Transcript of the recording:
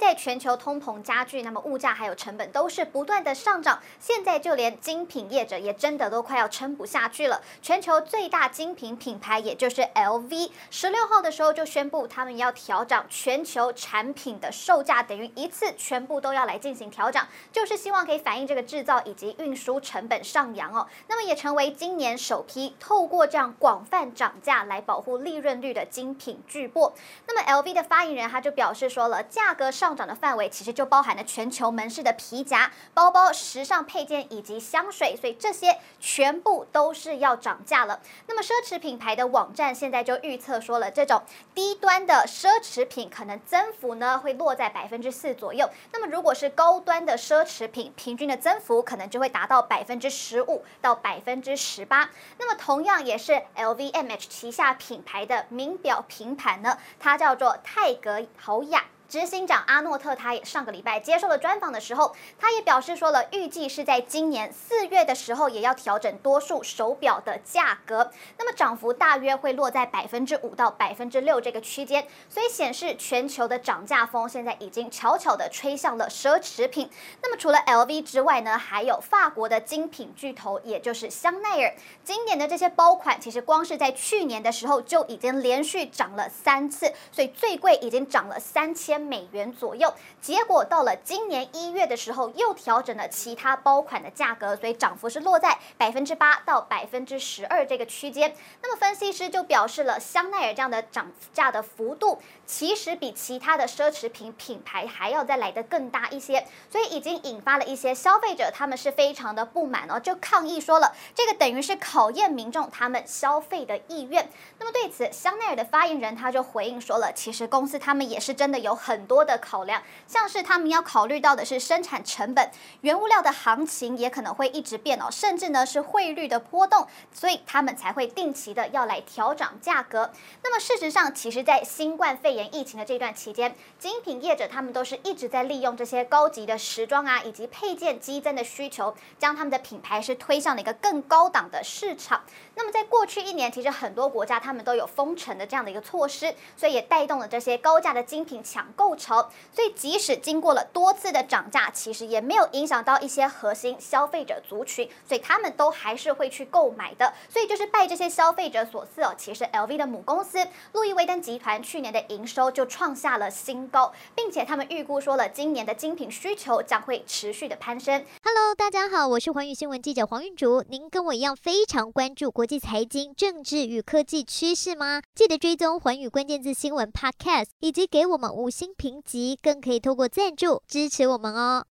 現在全球通膨加劇，那麼物價還有成本都是不斷的上漲。現在就連精品業者也真的都快要撐不下去了。全球最大精品品牌，也就是 LV，十六號的時候就宣布他們要調漲全球產品的售價，等於一次全部都要來進行調漲，就是希望可以反映這個制造以及運輸成本上揚哦。那麼也成為今年首批透過這樣廣泛漲價來保護利潤率的精品巨擘。那麼 LV 的發言人他就表示說了，價格上。上漲的範圍其實就包含了全球門市的皮夾、包包、時尚配件以及香水，所以這些全部都是要漲價了。那麼奢侈品牌的網站現在就預測說了，這種低端的奢侈品可能增幅呢會落在百分之四左右。那麼如果是高端的奢侈品，平均的增幅可能就會達到百分之十五到百分之十八。那麼同樣也是 LVMH 旗下品牌的名錶品牌呢，它叫做泰格豪雅，執行長阿諾特他也上個禮拜接受了專訪的時候，他也表示說了，預計是在今年四月的時候也要調整多數手錶的價格，那麼漲幅大約會落在百分之五到百分之六這個區間，所以顯示全球的漲價風現在已經悄悄的吹向了奢侈品。那麼除了 LV 之外呢，還有法國的精品巨頭，也就是香奈兒，經典的這些包款，其實光是在去年的時候就已經連續漲了三次，所以最貴已經漲了三千。美元左右，結果到了今年一月的時候，又調整了其他包款的價格，所以漲幅是落在百分之八到百分之十二這個區間。那麼分析師就表示了，香奈兒這樣的漲價的幅度，其實比其他的奢侈品品牌還要再來得更大一些，所以已經引發了一些消費者他們是非常的不滿哦，就抗議說了，這個等於是考驗民眾他們消費的意願。那麼對此，香奈兒的發言人他就回應說了，其實公司他們也是真的有很多的考量，像是他們要考慮到的是生產成本、原物料的行情也可能會一直變哦，甚至呢是匯率的波動，所以他們才會定期的要來調漲價格。那麼事實上，其實，在新冠肺炎疫情的這段期間，精品業者他們都是一直在利用這些高級的時裝啊以及配件激增的需求，將他們的品牌是推向了一個更高檔的市場。那麼在過去一年，其實很多國家他們都有封城的這樣的一個措施，所以也帶動了這些高價的精品搶。構成，所以即使經過了多次的漲價，其實也沒有影響到一些核心消費者族群，所以他們都還是會去購買的。所以就是拜這些消費者所賜哦，其實 LV 的母公司路易威登集團去年的營收就創下了新高，並且他們預估說了，今年的精品需求將會持續的攀升。Hello，大家好，我是寰宇新聞記者黃雲竹。您跟我一樣非常關注國際財經、政治與科技趨勢嗎？記得追蹤寰宇關鍵字新聞 Podcast，以及給我們五星。評級，更可以通過贊助支持我們哦。